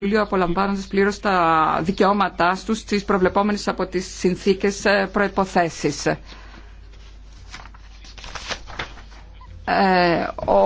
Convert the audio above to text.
Ιούλιο απολαμβάνοντα πλήρω τα δικαιώματά του στι προβλεπόμενε από τι συνθήκε ε, προποθέσει. Ε,